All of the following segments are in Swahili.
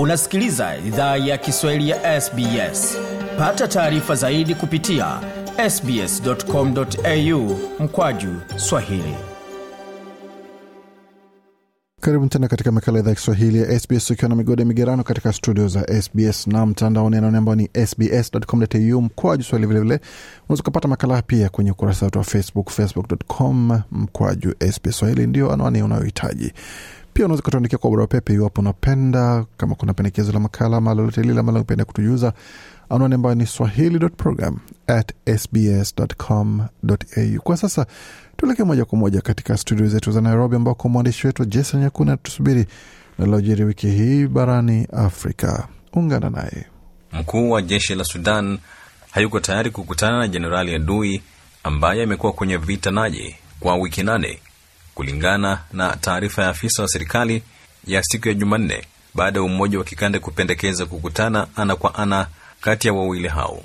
unasikiliza idhaa ya kiswahili ya sbs pata taarifa zaidi kupitia sbscomau mkwaju swahili karibu tena katika makala idhaa ya kiswahili ya sbs ukiwa na migode migerano katika studio za sbs na mtandaoni anaoni ambao ni sbscomau mkwaju swahili vilevile unaweza ukapata makala pia kwenye ukurasa wetu wa facebook facebookcom mkwaju sbs swahili ndio anwani unayohitaji pia unaweza kutuandikia kwa barua pepe iwapo unapenda, kama kuna pendekezo la makala ama lolote lile ambalo unapenda kutujuza. Anwani ambayo ni swahili.program at sbs.com.au. Kwa sasa tuelekee moja kwa moja katika studio zetu za Nairobi, ambako mwandishi wetu Jason Nyakuna tusubiri linalojiri wiki hii barani Afrika. Ungana naye. Mkuu wa jeshi la Sudan hayuko tayari kukutana na Jenerali adui ambaye amekuwa kwenye vita naje kwa wiki nane kulingana na taarifa ya afisa wa serikali ya siku ya Jumanne baada ya umoja wa kikanda kupendekeza kukutana ana kwa ana kati ya wawili hao.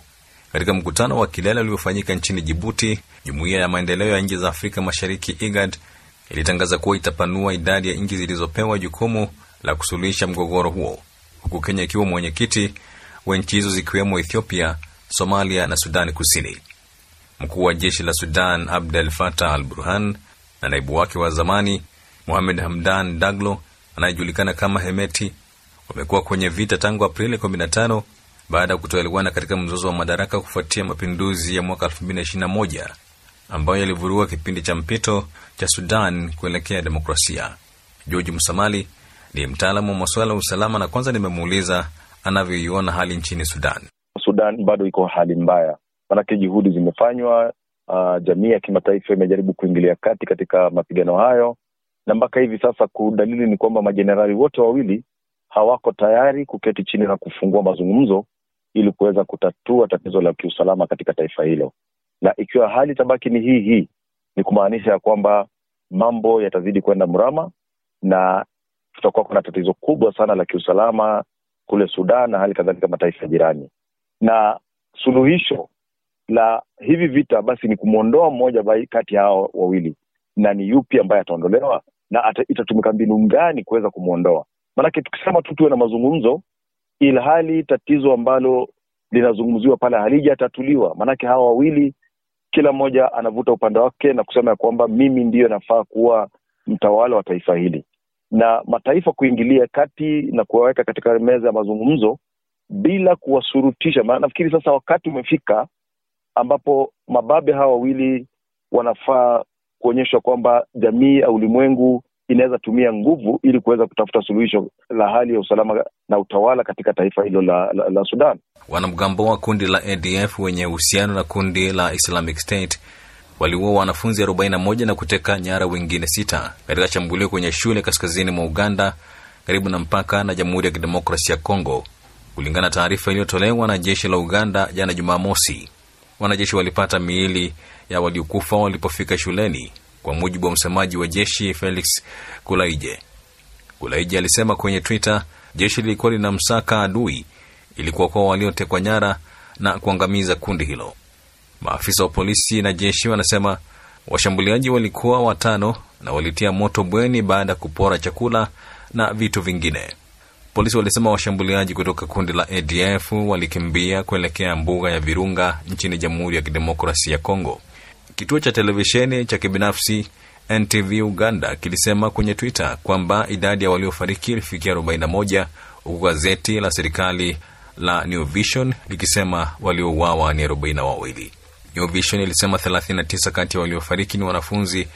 Katika mkutano wa kilele uliofanyika nchini Jibuti, jumuiya ya maendeleo ya nchi za Afrika Mashariki IGAD ilitangaza kuwa itapanua idadi ya nchi zilizopewa jukumu la kusuluhisha mgogoro huo, huku Kenya ikiwa mwenyekiti wa nchi hizo zikiwemo Ethiopia, Somalia na Sudani Kusini. Mkuu wa jeshi la Sudan Abdel Fattah al Burhan na naibu wake wa zamani Mohamed Hamdan Daglo anayejulikana kama Hemeti wamekuwa kwenye vita tangu Aprili 15 baada ya kutoelewana katika mzozo wa madaraka kufuatia mapinduzi ya mwaka 2021 ambayo yalivurua kipindi cha mpito cha Sudan kuelekea demokrasia. George Msamali ni mtaalamu wa masuala ya usalama na kwanza nimemuuliza anavyoiona hali nchini Sudan. Sudan bado iko hali mbaya, manake juhudi zimefanywa uh, jamii ya kimataifa imejaribu kuingilia kati katika mapigano hayo, na mpaka hivi sasa kudalili ni kwamba majenerali wote wawili hawako tayari kuketi chini na kufungua mazungumzo ili kuweza kutatua tatizo la kiusalama katika taifa hilo, na ikiwa hali itabaki ni hii hii, ni kumaanisha ya kwamba mambo yatazidi kwenda mrama na tutakuwa kuna tatizo kubwa sana la kiusalama kule Sudan na hali kadhalika mataifa jirani, na suluhisho la hivi vita basi ni kumwondoa mmoja kati ya hao wawili na ni yupi ambaye ataondolewa na itatumika mbinu gani kuweza kumwondoa maanake tukisema tu tuwe na mazungumzo ilhali tatizo ambalo linazungumziwa pale halijatatuliwa maanake hawa wawili kila mmoja anavuta upande wake na kusema ya kwamba mimi ndiyo nafaa kuwa mtawala wa taifa hili na mataifa kuingilia kati na kuwaweka katika meza ya mazungumzo bila kuwasurutisha nafikiri sasa wakati umefika ambapo mababe hawa wawili wanafaa kuonyeshwa kwamba jamii ya ulimwengu inaweza tumia nguvu ili kuweza kutafuta suluhisho la hali ya usalama na utawala katika taifa hilo la, la, la Sudan. Wanamgambo wa kundi la ADF wenye uhusiano na kundi la Islamic State waliua wanafunzi 41 na kuteka nyara wengine sita katika shambulio kwenye shule kaskazini mwa Uganda karibu na mpaka na Jamhuri ya Kidemokrasia ya Kongo, kulingana na taarifa iliyotolewa na jeshi la Uganda jana Jumamosi wanajeshi walipata miili ya waliokufa walipofika shuleni, kwa mujibu wa msemaji wa jeshi Felix Kulaije. Kulaije alisema kwenye Twitter jeshi lilikuwa linamsaka adui ili kuwaokoa waliotekwa nyara na kuangamiza kundi hilo. Maafisa wa polisi na jeshi wanasema washambuliaji walikuwa watano na walitia moto bweni baada ya kupora chakula na vitu vingine. Polisi walisema washambuliaji kutoka kundi la ADF walikimbia kuelekea mbuga ya Virunga nchini Jamhuri ya Kidemokrasia ya Kongo. Kituo cha televisheni cha kibinafsi NTV Uganda kilisema kwenye Twitter kwamba idadi ya waliofariki ilifikia 41 huku gazeti la serikali la New Vision likisema waliouawa ni 42. New Vision ilisema 39 kati ya waliofariki ni wanafunzi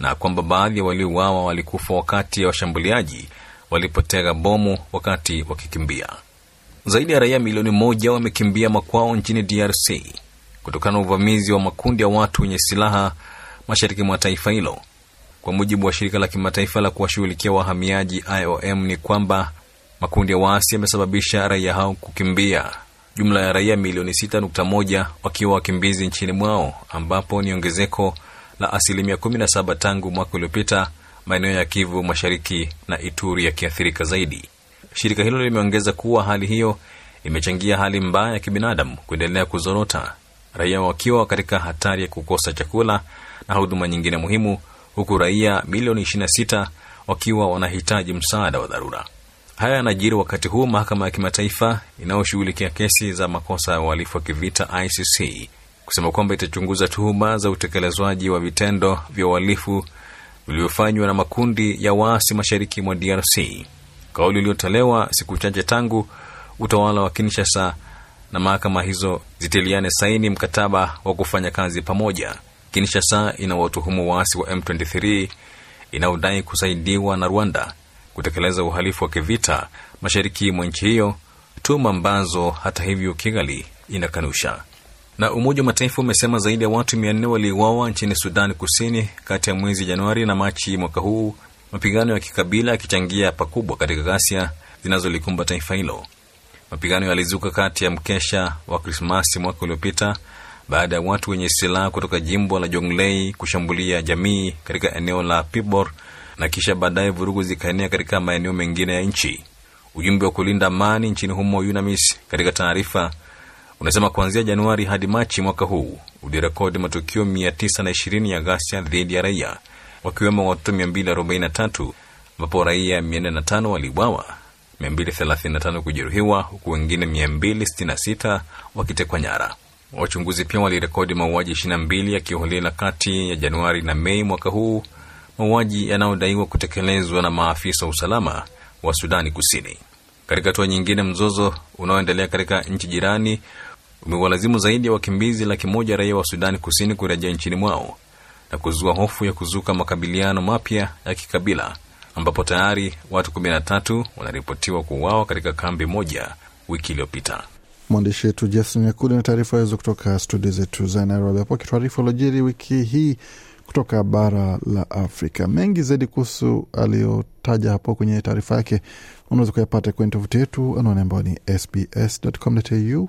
na kwamba baadhi ya waliouawa walikufa wakati ya washambuliaji walipotega bomu wakati wakikimbia. Zaidi ya raia milioni moja wamekimbia makwao nchini DRC kutokana na uvamizi wa makundi ya watu wenye silaha mashariki mwa taifa hilo. Kwa mujibu wa shirika la kimataifa la kuwashughulikia wahamiaji IOM, ni kwamba makundi ya waasi yamesababisha raia hao kukimbia. Jumla ya raia milioni 6.1 wakiwa wakimbizi nchini mwao, ambapo ni ongezeko la asilimia 17 tangu mwaka uliopita maeneo ya Kivu Mashariki na Ituri yakiathirika zaidi. Shirika hilo limeongeza kuwa hali hiyo imechangia hali mbaya ya kibinadamu kuendelea kuzorota, raia wakiwa katika hatari ya kukosa chakula na huduma nyingine muhimu, huku raia milioni 26 wakiwa wanahitaji msaada wa dharura. Haya yanajiri wakati huu mahakama ya kimataifa inayoshughulikia kesi za makosa ya uhalifu wa kivita ICC kusema kwamba itachunguza tuhuma za utekelezwaji wa vitendo vya uhalifu uliofanywa na makundi ya waasi mashariki mwa DRC, kauli iliyotolewa siku chache tangu utawala wa Kinshasa na mahakama hizo zitiliane saini mkataba wa kufanya kazi pamoja. Kinshasa inawatuhumu waasi wa M23 inaodai kusaidiwa na Rwanda kutekeleza uhalifu wa kivita mashariki mwa nchi hiyo, tuma ambazo hata hivyo Kigali inakanusha. Na Umoja wa Mataifa umesema zaidi ya watu mia nne waliuawa nchini Sudan Kusini kati ya mwezi Januari na Machi mwaka huu, mapigano ya kikabila yakichangia pakubwa katika ghasia zinazolikumba taifa hilo. Mapigano yalizuka kati ya mkesha wa Krismasi mwaka uliopita baada ya watu wenye silaha kutoka jimbo la Jonglei kushambulia jamii katika eneo la Pibor na kisha baadaye vurugu zikaenea katika maeneo mengine ya nchi. Ujumbe wa kulinda amani nchini humo UNAMIS katika taarifa unasema kuanzia Januari hadi Machi mwaka huu ulirekodi matukio 920 ya ghasia dhidi ya raia, wakiwemo watoto 243 ambapo raia 405 waliuawa, 235 kujeruhiwa, huku wengine 266 wakitekwa nyara. Wachunguzi pia walirekodi mauaji 22 ya kiholela kati ya Januari na Mei mwaka huu, mauaji yanayodaiwa kutekelezwa na maafisa wa usalama wa Sudani Kusini. Katika hatua nyingine, mzozo unaoendelea katika nchi jirani umewalazimu zaidi ya wakimbizi laki moja raia wa Sudani Kusini kurejea nchini mwao na kuzua hofu ya kuzuka makabiliano mapya ya kikabila ambapo tayari watu 13 wanaripotiwa kuuawa katika kambi moja wiki iliyopita. Mwandishi wetu Jason Nyakundi na taarifa hizo kutoka studio zetu za Nairobi apo kitaarifa alojiri wiki hii kutoka bara la Afrika. Mengi zaidi kuhusu aliyotaja hapo kwenye taarifa yake unaweza kuyapata kwenye tovuti yetu, anaone ambao ni sbscu